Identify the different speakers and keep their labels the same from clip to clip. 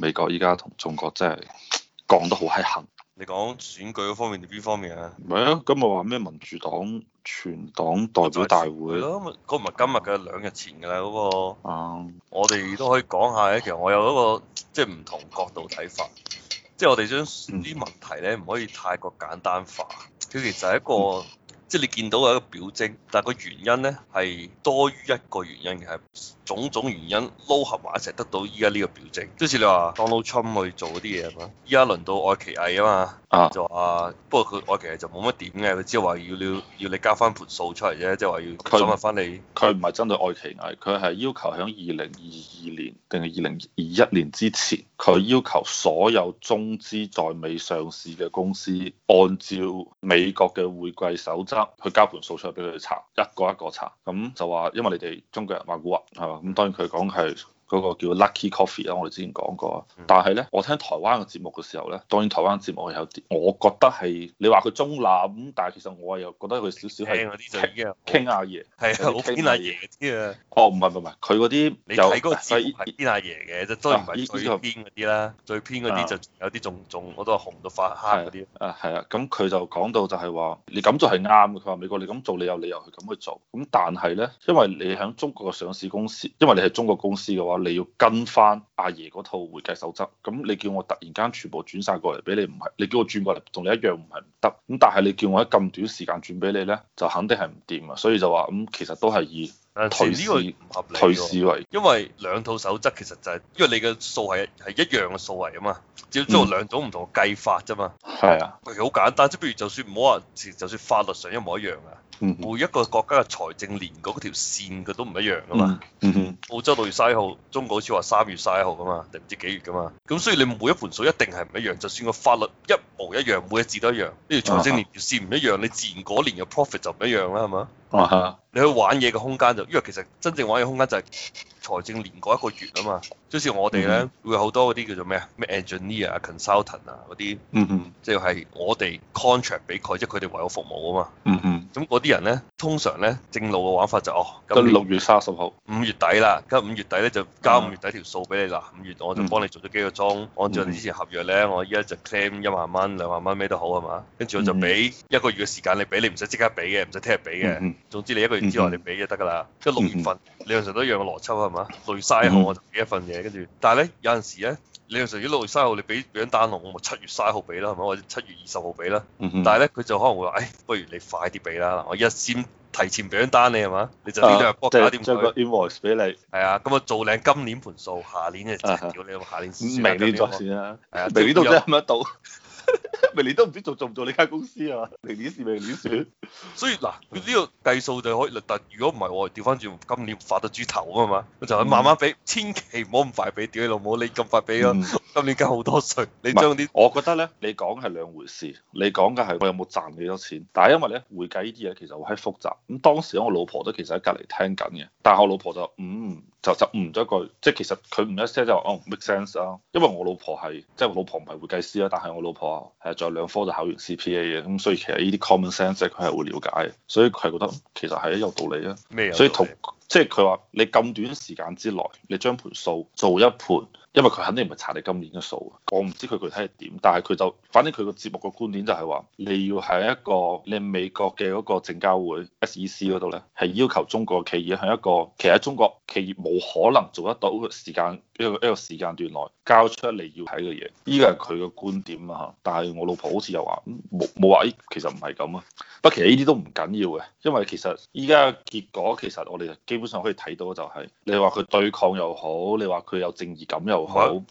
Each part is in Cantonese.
Speaker 1: 美國依家同中國真係講得好閪狠。
Speaker 2: 你講選舉方面，方面，你邊方面啊？唔係啊，
Speaker 1: 今日話咩民主黨全黨代表大會咯，
Speaker 2: 嗰唔係今日嘅，兩日前嘅啦嗰個。啊、嗯。我哋都可以講下咧，其實我有嗰個即係唔同角度睇法，即、就、係、是、我哋將啲問題咧唔、嗯、可以太過簡單化。佢其實係一個。嗯即係你見到嘅一個表徵，但係個原因咧係多於一個原因嘅，係種種原因撈合埋一齊，得到依家呢個表徵。即係好似你話 Donald Trump 去做嗰啲嘢係嘛，依家輪到愛奇藝啊嘛。啊就話，不過佢其實就冇乜點嘅，佢只係話要要要你交翻盤數出嚟啫，即係話要佢問翻你。佢唔係針對愛奇藝，係佢係要求響二零二二年
Speaker 1: 定係二零二一年之前，佢要求所有中資在美上市嘅公司按照美國嘅會計守則去交盤數出嚟俾佢查，一個一個查。咁就話因為你哋中國人話古惑係嘛，咁當然佢講係。嗰個叫 Lucky Coffee 啊，我哋之前講過。嗯、但係咧，我聽台灣嘅節目嘅時候咧，當然台灣節目係有啲，我覺得係你話佢中立，咁但係其實我又覺得佢少少係傾阿爺，係啊，偏阿爺嗰
Speaker 2: 啲啊。啊哦，唔係唔係唔係，佢嗰啲又係偏阿爺嘅，即係都唔係最偏嗰啲啦。最偏嗰啲就有啲仲仲我都係紅到發黑嗰啲。
Speaker 1: 啊係啊，咁佢、啊啊、就講到就係話，你咁做係啱嘅。佢話美國你咁做，你有理由去咁去做。咁但係咧，因為你喺中國嘅上市公司，因為你係中國公司嘅話。你要跟翻阿爺嗰套會計守則，咁你叫我突然間全部轉晒過嚟俾你，唔係你叫我轉過嚟同你一樣不不，唔係唔得。咁但係你叫我喺咁短時間轉俾你咧，就肯定係唔掂啊！所以就話咁、嗯，其實都係以。但係呢個唔合理，因
Speaker 2: 為兩套守則其實就係因為你嘅數係係一樣嘅數位啊嘛，只要做兩種唔同嘅計法啫嘛。係啊，佢好簡單，即係譬如就算唔好話，就算法律上一模一樣啊。每一個國家嘅財政年嗰條線佢都唔一樣㗎嘛。澳洲六月卅號，中國好似話三月卅號㗎嘛，定唔知幾月㗎嘛？咁所以你每一盤數一定係唔一樣，就算個法律一模一樣，每一字都一樣，呢條財政年條線唔一樣，你自然嗰年嘅 profit 就唔一樣啦，係嘛？啊哈！Uh huh. 你去玩嘢嘅空間就，因為其實真正玩嘢空間就係財政連嗰一個月啊嘛。即好似我哋咧、mm hmm. 會有好多嗰啲叫做咩啊，咩 engineer 啊、consultant 啊嗰啲，嗯哼，即係、mm hmm. 我哋 contract 俾佢，即係佢哋為我服務啊嘛，嗯嗯、mm。Hmm. 咁嗰啲人咧，通常咧正路嘅玩法就是、哦，咁六月三十號，五月底啦，咁五月，月底咧就交五月底條數俾你啦。五月我就幫你做咗幾個鐘，嗯、按照你之前合約咧，我依家就 claim 一萬蚊、兩萬蚊咩都好係嘛，跟住我就俾一個月嘅時間你俾，你唔使即刻俾嘅，唔使聽日俾嘅，嗯嗯、總之你一個月之內你俾就得㗎啦。咁六、嗯嗯、月份，嗯嗯、你又成一樣嘅邏輯係嘛，累曬後我就俾一份嘢，跟住，但係咧有陣時咧。你又成日一六月三號你俾俾張單我，咪七月三號俾啦，係咪？或者七月二十號俾啦。Mm hmm. 但係咧，佢就可能會話，誒、哎，不如你快啲俾啦，我一先提前俾張單你係嘛？你就呢兩博搞掂。即係將個 invoice 俾你。係啊，咁、嗯、啊做領今年盤數，下年嘅就屌你，啊、下年下明年再算啦。係啊，明年都先揾得到。 明年都唔知做做唔做呢間公司啊？明年是明年算？所以嗱，佢呢、呢個計數就可以。但如果唔係，我調翻轉，今年發得豬頭啊嘛？就慢慢俾，千祈唔好咁快俾。屌你老母，你咁快俾啊？ 今年交好多稅。你將啲，我覺得咧，你講係兩回事。
Speaker 1: 你講嘅係我有冇賺幾多錢？但係因為咧，會計呢啲嘢其實好複雜。咁當時我老婆都其實喺隔籬聽緊嘅，但係我老婆就嗯。就就誤咗一句，即係其實佢唔一 SET 就話哦，oh，make sense 啊，因為我老婆係，即係我老婆唔係會計師啦，但係我老婆係，仲有兩科就考完 CPA 嘅，咁所以其實呢啲 common sense 咧，佢係會了解，所以佢係覺得其實係一有道理啊，理所以同。即係佢話你咁短時間之內，你將盤數做一盤，因為佢肯定唔係查你今年嘅數，我唔知佢具體係點，但係佢就，反正佢個節目個觀點就係話，你要喺一個你美國嘅嗰個證交會 SEC 嗰度咧，係要求中國企業喺一個，其實中國企業冇可能做得到嘅時間。呢個一個時間段內交出嚟要睇嘅嘢，呢個係佢嘅觀點啊嚇，但係我老婆好似又話冇冇話，咦，其實唔係咁啊。不過其實呢啲都唔緊要嘅，因為其實依家嘅結果其實我哋基本上可以睇到嘅就係，你話佢對抗又好，你話佢有正義感又好。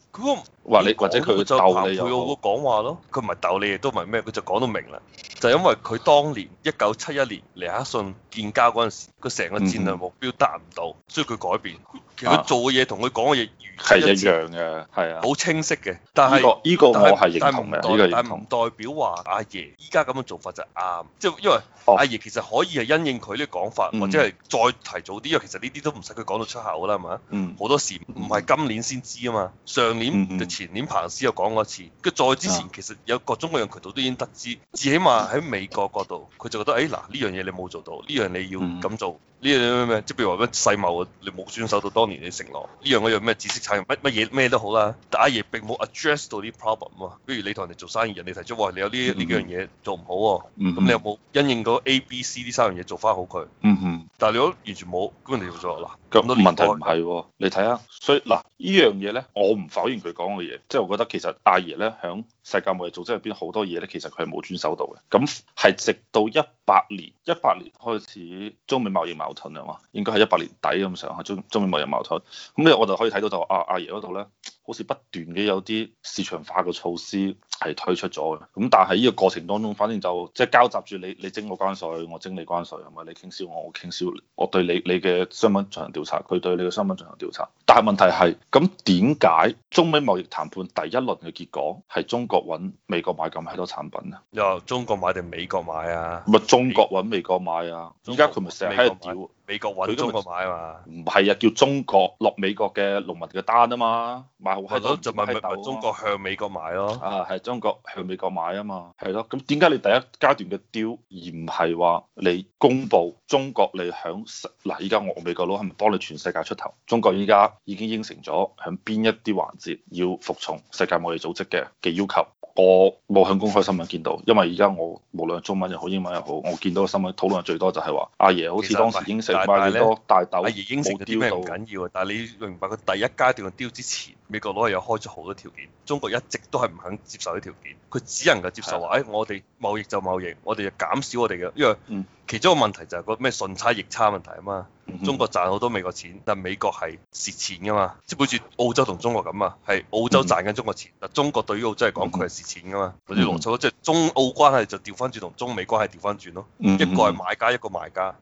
Speaker 1: 或或者佢就反駁
Speaker 2: 我講話咯，佢唔係鬥你，亦都唔係咩，佢就講到明啦。就是、因為佢當年一九七一年尼克遜建交嗰陣時，佢成個戰略目標達唔到，嗯、哼所以佢改變。其實佢做嘅嘢同佢講嘅嘢係一樣嘅，係啊，好清晰嘅。但係呢、呢個呢、呢個、我係認同嘅，但係唔代表話阿爺依家咁嘅做法就啱。即係因為阿爺其實可以係因應佢啲講法，嗯、哼或者係再提早啲。因為其實呢啲都唔使佢講到出口啦，係嘛？好、嗯、哼多時唔係今年先知啊嘛，上年、嗯前年彭斯又講過一次，佢再之前其實有各種各樣渠道都已經得知，至起碼喺美國角度，佢就覺得誒嗱呢樣嘢你冇做到，呢樣你要咁做，呢樣咩咩，即係譬如話咩世貿你冇遵守到當年嘅承諾，呢樣嗰樣咩知識產權乜乜嘢咩都好啦，但阿爺並冇 address 到啲 problem 啊，不如你同人哋做生意人，你提出話你有呢呢幾樣嘢做唔好，咁你有冇因應到 A、B、C 呢三樣嘢做翻好佢？嗯哼，但係如果完全冇，咁你唔做啦。
Speaker 1: 咁都問題唔係、啊、
Speaker 2: 你睇下，所以嗱呢、啊、樣嘢咧，我唔否認佢講嘅
Speaker 1: 嘢，即係我覺得其實阿爺咧響世界貿易組織入邊好多嘢咧，其實佢係冇遵守到嘅。咁係直到一八年，一八年開始中美貿易矛盾啊嘛，應該係一八年底咁上下，中中美貿易矛盾，咁咧我就可以睇到就阿阿爺嗰度咧，好似不斷嘅有啲市場化嘅措施。係推出咗嘅，咁但係呢個過程當中，反正就即係交集住你你徵我關稅，我徵你關稅，係咪你傾銷我我傾銷,我我傾銷我，我對你你嘅商品進行調查，佢對你嘅商品進行調查。但係問題係，咁點解中美貿易談判第一輪嘅結果係中國揾美國買咁多產品啊？
Speaker 2: 又中國買定美國買啊？唔係中國揾美國買啊？依
Speaker 1: 家佢咪成日喺度
Speaker 2: 屌美國揾中國買啊？唔
Speaker 1: 係啊，叫中國落美國嘅農民嘅單啊嘛，買好係咯，就唔係咪？中國向美國買咯，啊，啊係。中國向美國買啊嘛，係咯，咁點解你第一階段嘅 deal，而唔係話你公布中國你？你響嗱依家我美國佬係咪幫你全世界出頭？中國依家已經應承咗響邊一啲環節要服從世界貿易組織嘅嘅要求。我冇向公開新聞見到，因為而家我無論中文又好英文又好，我見到個新聞討論最多就係話：阿爺好似當時應承買幾多大豆，而應承咗啲咩唔緊
Speaker 2: 要。但係你明白佢第一階段嘅 deal 之前，美國佬係有開出好多條件，中國一直都係唔肯接受啲條件，佢只能夠接受話：誒的，我哋貿易就貿易，我哋就減少我哋嘅，因為嗯。其中一個問題就係個咩順差逆差問題啊嘛，中國賺好多美國錢，但美國係蝕錢噶嘛，即係好似澳洲同中國咁啊，係澳洲賺緊中國錢，但中國對於澳洲嚟講佢係蝕錢噶嘛，嗰啲邏輯即係中澳關係就調翻轉同中美關係調翻轉咯，一個係買家，一個賣家，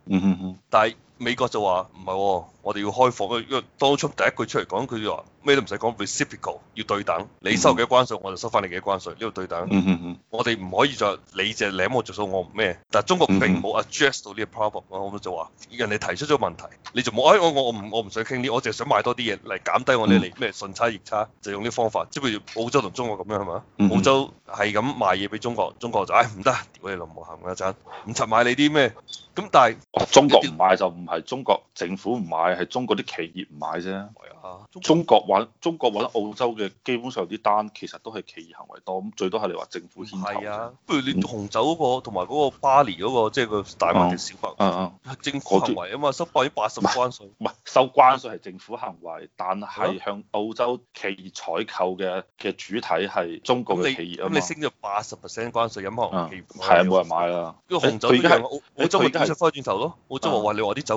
Speaker 2: 但係。美國就話唔係，我哋要開放，因為當初第一句出嚟講，佢就話咩都唔使講 reciprocal，要對等，你收幾多關稅，我就收翻你幾多關稅，呢度對等。嗯、哼哼我哋唔可以再你隻檸我著數，我唔咩。但係中國並冇 address 到呢個 problem 咯、嗯，咁就話人哋提出咗問題，你就冇、哎，我我唔我唔想傾呢，我淨係想買多啲嘢嚟減低我哋嚟咩順差逆差，就用呢方法，即譬如澳洲同中國咁樣係嘛？嗯、哼澳洲係咁賣嘢俾中國，中國就哎唔得，我哋老母，一行唔得真，唔柒買你啲咩。咁但係中國唔買就唔。係中國政府唔
Speaker 1: 買，係中國啲企業唔買啫。中國揾中國揾澳洲嘅基本上
Speaker 2: 啲單，其實都係企業行為多，咁最多係你話政府牽頭。係啊，不如你紅酒嗰個同埋嗰個巴黎嗰個，即係個大麥定小
Speaker 1: 麥，
Speaker 2: 政府行為啊嘛，收百分之八十關稅。
Speaker 1: 唔係收關稅係政府行為，但係向澳洲企業採購嘅嘅主體係中國嘅企業啊嘛。咁你升
Speaker 2: 咗八十 percent 關稅，咁可能係冇人買
Speaker 1: 啦。個紅酒啲係我我中華公司
Speaker 2: 翻轉頭咯，澳洲華
Speaker 1: 話你話啲酒。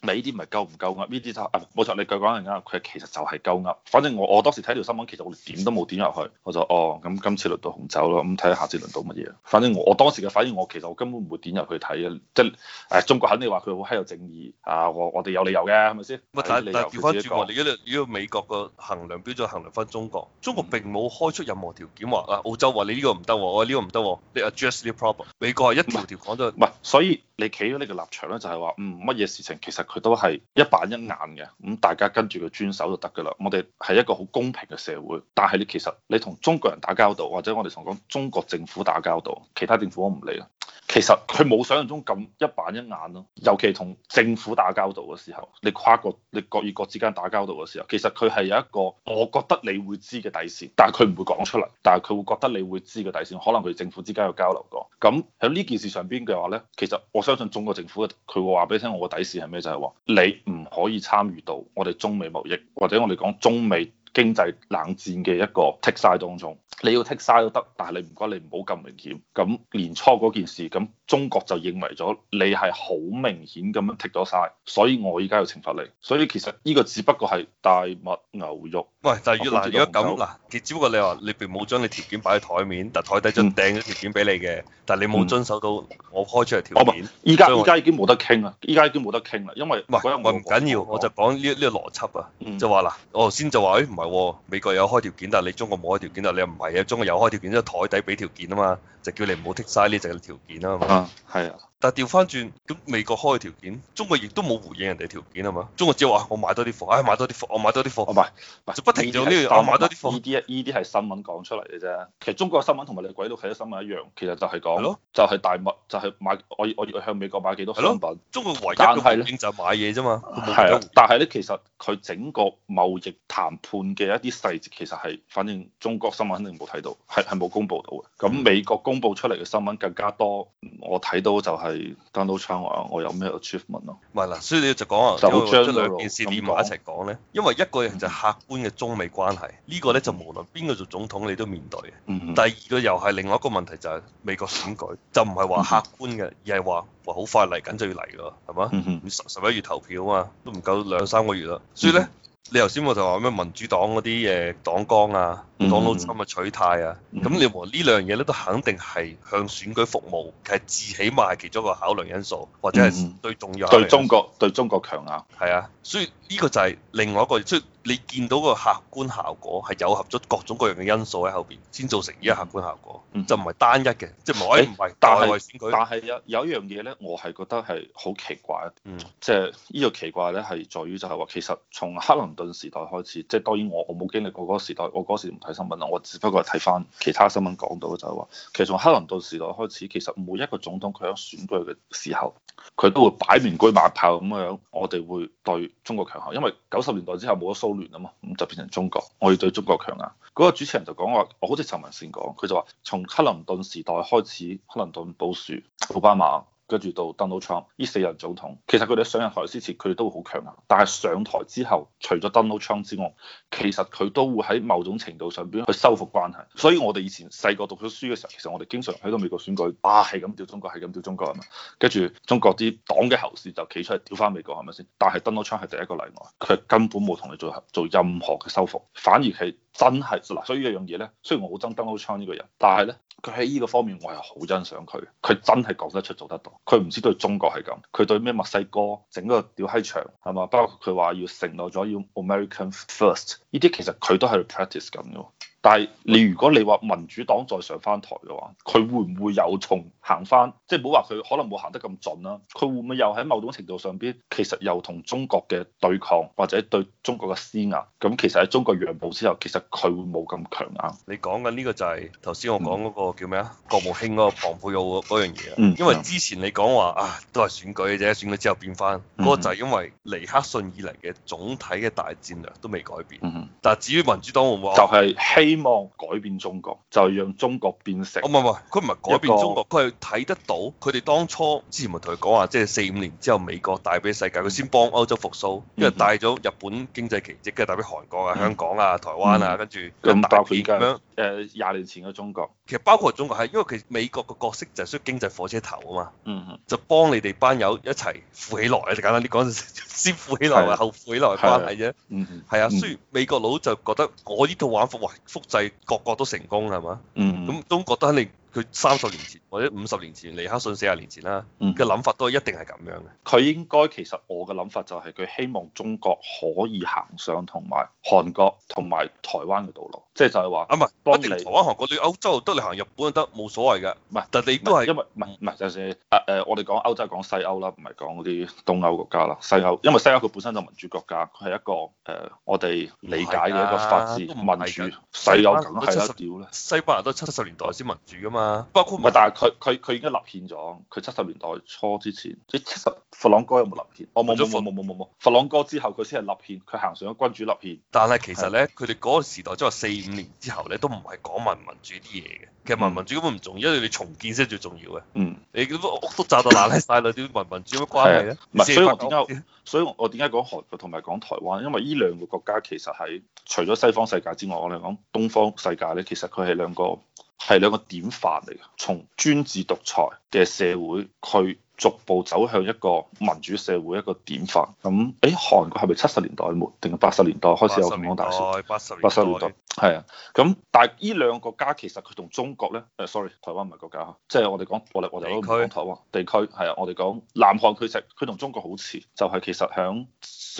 Speaker 1: 你呢啲唔係夠唔夠噏？呢啲就是，啊冇錯，你再講陣間，佢其實就係夠噏。反正我我當時睇條新聞，其實我都點都冇點入去。我就哦咁今次輪到紅酒咯，咁睇下下次輪到乜嘢。反正我我當時嘅反應我，我其實我根本唔會點入去睇嘅。即係誒中國肯定話佢好係有正義啊！我哋有理由嘅，係咪先？但但調翻轉
Speaker 2: 話，如果如果美國嘅衡量標準衡量翻中國，中國並冇開出任何條件話啊，嗯、澳洲話你呢個唔得喎，我呢個唔得喎，你 adjust your problem。美國一條條講咗，唔
Speaker 1: 係是所以你企咗呢個立場咧，就係話嗯乜嘢事情其實。其實佢都係一板一眼嘅，大家跟住佢遵守就得㗎喇。我哋係一個好公平嘅社會，但係你其實你同中國人打交道，或者我哋同中國政府打交道，其他政府我唔理啦。其實佢冇想像中咁一板一眼咯、啊，尤其同政府打交道嘅時候，你跨國你國與國之間打交道嘅時候，其實佢係有一個我覺得你會知嘅底線，但係佢唔會講出嚟，但係佢會覺得你會知嘅底線，可能佢哋政府之間有交流過。咁喺呢件事上邊嘅話呢，其實我相信中國政府佢會話俾你聽，我嘅底線係咩就係、是、話你唔可以參與到我哋中美貿易，或者我哋講中美經濟冷戰嘅一個剔晒當中，你要剔晒都得，但係你唔該，你唔好咁明顯。咁年初嗰件事，咁中國就認為咗你係好明顯咁樣剔咗晒，所以我依家要懲罰你。所以其實呢
Speaker 2: 個只不過係大麥牛肉。喂，就越嚟、嗯、越覺得嗱，不只不過你話你並冇將你條件擺喺台面，但台底張訂咗條件俾你嘅，但係你冇遵守到我開出嚟條件。我唔、嗯，依家依家已
Speaker 1: 經冇得傾啦。
Speaker 2: 依家已經冇得傾啦，因為喂，唔緊要，我就講呢呢個邏輯啊，就話嗱，我頭先就話，唔係。美國有開條件，但係你中國冇開條件，但係你又唔係啊？中國有開條件，即係台底俾條件啊嘛，就叫你唔好剔曬呢啲條件啊嘛。啊，係啊。但係調翻轉，咁美國開嘅條件，中國亦都冇回應人哋條件係嘛？中國只話我買多啲貨，唉買多啲貨，我買多啲貨，唔係，哎，唔係，就不停做呢啲啊買多啲
Speaker 1: 貨。呢啲呢啲係新聞講出嚟嘅啫。其實中國嘅新聞同埋你鬼佬睇啲新聞一樣，其實就係講的，就係大物，就係買我我向美國買幾多產品。中國唯一嘅是回應就係
Speaker 2: 買嘢啫嘛。係，
Speaker 1: 但係咧其實佢整個貿易談判嘅一啲細節，其實係反正中國新聞肯定冇睇到，係係冇公布到嘅。咁美國公布出嚟嘅新聞更加多，我睇到就係、是。
Speaker 2: 係 Donald Trump 話我有咩 achievement 咯，唔、嗯、係嗱，所以你就講將兩件事連埋一齊講咧，嗯、哼因為一個人就客觀嘅中美關係呢，呢個咧就無論邊個做總統你都面對嘅。第二個又係另外一個問題就係美國選舉，就唔係話客觀嘅，而係話話好快嚟緊就要嚟咯，係嘛？十十一月投票啊嘛，都唔夠兩三個月啦。所以咧，嗯、哼你頭先我就話咩民主黨嗰啲誒黨綱啊。講到咁嘅取態啊，咁、嗯、你和呢兩樣嘢咧都肯定係向選舉服務，其實至起碼係其中一個考量因素，或者係最重要、嗯。對中國對中國強硬。係啊，所以呢個就係另外一個，即係你見到個客觀效果係糅合咗各種各樣嘅因素喺後邊，先造成呢個客觀效果，嗯、就唔係單一嘅，嗯、即係唔係。唔係、欸，但係
Speaker 1: 是但係有有一樣嘢咧，我係覺得係好奇怪，即係呢個奇怪咧係在於就係、是、話，其實從克林頓時代開始，即、就、係、是、當然我我冇經歷過嗰個時代，我嗰時。新聞我只不過係睇翻其他新聞講到就係話，其實從克林頓時代開始，其實每一個總統佢喺選舉嘅時候，佢都會擺明車馬炮咁嘅樣，我哋會對中國強硬，因為九十年代之後冇咗蘇聯啊嘛，咁就變成中國，我要對中國強硬。嗰個主持人就講話，我好似陳文善講，佢就話從克林頓時代開始，克林頓、布殊、奧巴馬。跟住到 Donald Trump，呢四任總統，其實佢哋上任台之前，佢哋都好強硬，但係上台之後，除咗 Donald Trump 之外，其實佢都會喺某種程度上邊去修復關係。所以我哋以前細個讀咗書嘅時候，其實我哋經常喺度美國選舉，啊係咁屌中國，係咁屌中國啊嘛，跟住中國啲黨嘅喉舌就企出嚟屌翻美國係咪先？但係 Donald Trump 係第一個例外，佢根本冇同你做做任何嘅修復，反而係真係嗱，所以樣呢樣嘢咧，雖然我好憎 Donald Trump 呢個人，但係咧。佢喺呢個方面我係好欣賞佢，佢真係講得出做得到，佢唔知道對中國係咁，佢對咩墨西哥整個屌閪牆係嘛，包括佢話要承諾咗要 American First，呢啲其實佢都喺度 practice 緊嘅。但係你如果你話民主黨再上翻台嘅話，佢會唔會、啊、會，會又從行翻？即係唔好話佢可能冇行得咁準啦，佢會唔會又喺某種程度上邊其實又同中國嘅對抗或者對中國嘅施壓？咁其實喺中國讓步之後，其實佢會冇咁強硬。你講緊呢
Speaker 2: 個就係頭先我講嗰個叫咩啊？國務卿嗰個蓬佩奧嗰樣嘢啊。因為之前你講話啊，都係選舉嘅啫，選舉之後變翻嗰、那個就係因為尼克遜以嚟嘅總體嘅大戰略都未改變。但係至於民主黨會唔會就係希？希望改變中國，就係、讓中國變成。唔係唔係，佢唔係改變中國，佢係睇得到。佢哋當初之前咪同佢講話，即係四五年之後美國帶俾世界，佢先幫歐洲復甦，因為、嗯、帶咗日本經濟奇蹟，跟住帶俾韓國啊、嗯、香港啊、台灣啊，跟住咁大變咁誒廿年前嘅中國。其實包括中國係，因為其實美國個角色就係需要經濟火車頭啊嘛，嗯、就幫你哋班友一齊富起來，簡單啲講，先富起來同的後富起來關係啫。係啊，雖然美國佬就覺得我呢套玩法複製各國都成功啦，係嘛？咁、嗯、都覺得你佢三十年前或者五十年前，尼克遜四十年前啦嘅諗法都一定係咁樣嘅。佢應該其實我嘅諗法就係佢希望中國可
Speaker 1: 以行上同埋韓國同埋台灣嘅道路。
Speaker 2: 即係就係話，啊唔係，一定台灣、韓國、對歐洲得你行日本得，冇所謂嘅。唔係，但你都係因為唔係唔係，就算啊誒，我哋
Speaker 1: 講歐洲係講西歐啦，唔係講嗰啲東歐國家啦。西歐因為西歐佢本身就民主國家，佢係一個誒我哋理解嘅一個法治民主。西歐梗係啦，屌咧，西班牙都七十年代先民主噶嘛。包括唔係，但係佢佢佢已經立憲咗，佢七十年代初之前，
Speaker 2: 即七十佛朗哥有冇立憲？我冇冇冇冇
Speaker 1: 冇冇。佛朗哥之後佢先係立憲，
Speaker 2: 佢行上咗君主立憲。但係其實咧，佢哋嗰個時代即係四。五年之後咧，都唔係講文民主啲嘢嘅。其實文民，民主根本唔重要，因為你重建先最重要嘅。嗯，你屋都炸到爛
Speaker 1: 晒啦，啲文 民，民主乜關係咧？唔係的，所以我點解所以我我點解講韓國同埋講台灣？因為呢兩個國家其實喺除咗西方世界之外，我哋講東方世界咧，其實佢係兩個係兩個典範嚟嘅。從專制獨裁嘅社會，佢逐步走向一個民主社會，一個典範咁，誒韓國係咪七十年代末定係八十年代，年代開始有總統大選？八十年代八十年代係啊，咁但係呢兩個國家其實佢同中國咧，誒、哎、sorry 台灣唔係國家嚇，即係我哋講我哋我哋都唔講台灣地區係啊，我哋講區南韓佢實佢同中國好似就係、是、其實響。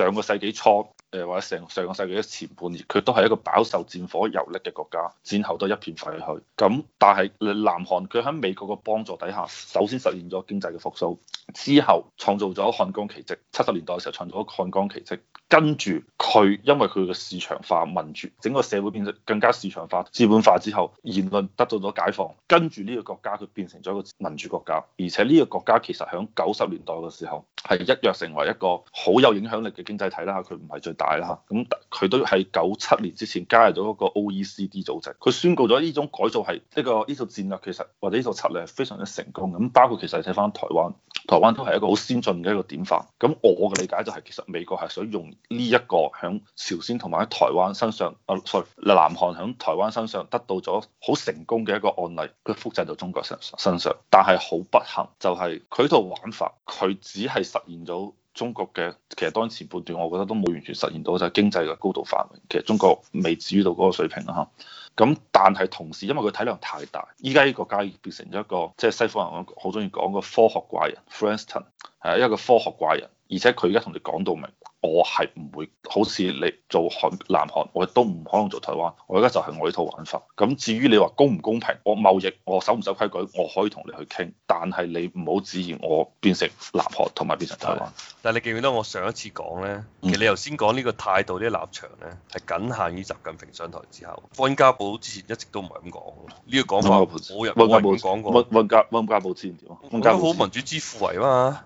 Speaker 1: 上個世紀初，誒、呃、或者成上個世紀的前半葉，佢都係一個飽受戰火蹂躪嘅國家，戰後都一片廢墟。咁但係南韓，佢喺美國嘅幫助底下，首先實現咗經濟嘅復甦，之後創造咗漢江奇蹟。七十年代嘅時候，創造咗漢江奇蹟。跟住佢，因為佢嘅市場化、民主，整個社會變得更加市場化、資本化之後，言論得到咗解放。跟住呢個國家，佢變成咗一個民主國家，而且呢個國家其實喺九十年代嘅時候，係一躍成為一個好有影響力嘅經濟體啦。佢唔係最大啦，咁佢都喺九七年之前加入咗一個 OECD 組織，佢宣告咗呢種改造係呢、呢個呢套、呢個、戰略其實或者呢套策略係非常之成功。咁包括其實你睇翻台灣。台灣都係一個好先進嘅一個典範，咁我嘅理解就係其實美國係想用呢一個響朝鮮同埋喺台灣身上，啊，sorry，南韓響台灣身上得到咗好成功嘅一個案例，佢複製到中國身上，身上，但係好不幸就係佢套玩法，佢只係實現咗中國嘅，其實當前半段我覺得都冇完全實現到就係經濟嘅高度繁榮，其實中國未至於到嗰個水平啦嚇。咁，但係同時，因為佢體量太大，依家依個國家變成咗一個，即係西方人好中意講嘅科學怪人，Frankenstein，係一個科學怪人。而且佢而家同你講到明，我係唔會好似你做韓南韓，我都唔可能做台灣。我而家就係我呢套玩法。咁至於你話公唔公平，我貿易我守唔守規矩，我可以同你去傾。但係你唔好指認我變成南韓同埋變成台灣。
Speaker 2: 但係你記唔記得我上一次講咧？其實你頭先講呢個態度、呢啲立場咧，係僅限於習近平上台之後。温家寶之前一直都唔係咁講。呢個講法冇人冇人講過。温家温家温家寶之前點啊？温家寶民主之父嚟嘛？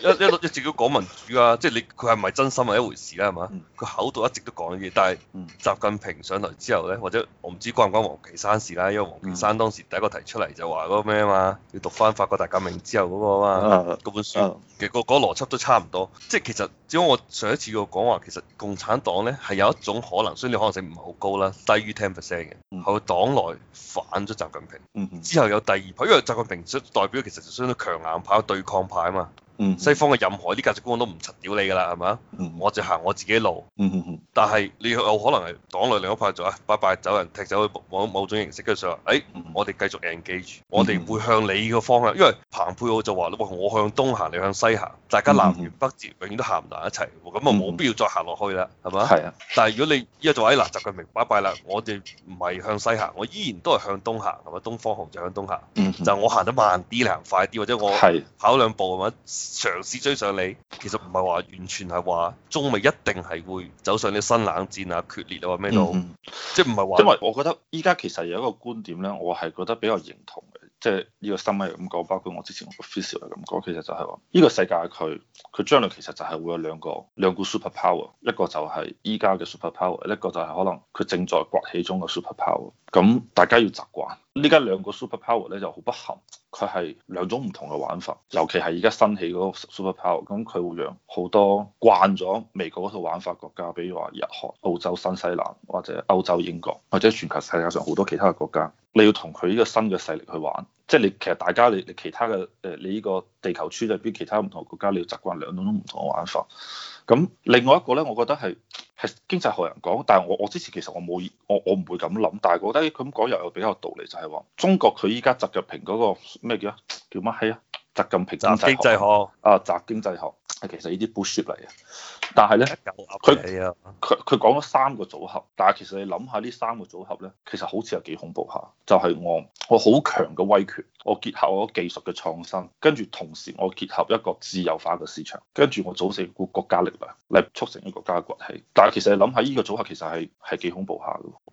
Speaker 2: 一一 一直都講民主啊，即係你佢係唔係真心係、啊、一回事啦、啊，係嘛？佢、嗯、口度一直都講嘢，但係習近平上台之後咧，或者我唔知關唔關王岐山事啦、啊，因為王岐山當時第一個提出嚟就話嗰個咩啊嘛，要讀翻法國大革命之後嗰個啊嘛嗰、嗯嗯嗯、本書，其實、嗯嗯、個嗰邏輯都差唔多，即係其實只不過我上一次我講話，其實共產黨咧係有一種可能，雖然你可能性唔係好高啦，低於10 percent 嘅，係黨內反咗習近平，嗯嗯嗯、之後有第二派，因為習近平代表其實就相當強硬派、對抗派啊嘛。嗯，西方嘅任何一啲價值觀都唔擦掉你嘅啦，係咪啊？嗯， 我就行我自己嘅路。嗯嗯嗯。 但係你有可能係黨內另一派做啊，拜拜走人，踢走去某某種形式，跟住上誒。哎我哋繼續 engage，我哋會向你個方向，因為彭佩奧就話，我向東行，你向西行，大家南轅北轍，永遠都行唔到一齊，咁啊冇必要再行落去啦，係嘛？係啊。但係如果你依家就喺嗱，習近平拜拜啦，我哋唔係向西行，我依然都係向東行，係嘛？東方紅就向東行，嗯、哼就我行得慢啲，你行快啲，或者我跑兩步咁樣是嘗試追上你，其實唔係話完全係話中美一定係會走上啲新冷戰啊、決裂啊咩都，嗯、哼即係唔係話？因為我覺得依家其實有一個觀
Speaker 1: 點咧，我係。係覺得比較認同嘅，即係呢個心係咁講，包括我之前個 philosophy 係咁講。其實就係話，呢、呢個世界佢佢將來其實就係會有兩個兩股 super power，一個就係依家嘅 super power，一個就係可能佢正在崛起中嘅 super power。咁大家要習慣。呢家兩個 super power 咧就好不幸，佢係兩種唔同嘅玩法，尤其係而家新起嗰個 super power，咁佢會讓好多慣咗美國嗰套玩法國家，比如話日韓、澳洲、新西蘭或者歐洲英國或者全球世界上好多其他嘅國家，你要同佢呢個新嘅勢力去玩，即係你其實大家你，你其他嘅誒你呢個地球村入邊其他唔同國家，你要習慣兩種唔同嘅玩法。咁另外一個咧，我覺得係。經濟學人講，但係我我之前其實我冇，我我唔會咁諗。但係我覺得佢咁講又又有比較道理就，就係話中國佢依家習近平嗰個咩叫啊？叫乜閪啊？習近平經濟學，濟濟濟學啊，習經濟學。其實呢啲 bullshit 嚟嘅，但係咧，佢佢講咗三個組合，但係其實你諗下呢三個組合咧，其實好似係幾恐怖下，就係、是、我我好強嘅威權，我結合我個技術嘅創新，跟住同時我結合一個自由化嘅市場，跟住我組成一個國家力量嚟促成一個國家崛起。但係其實你諗下呢個組合其實係係幾恐怖下嘅。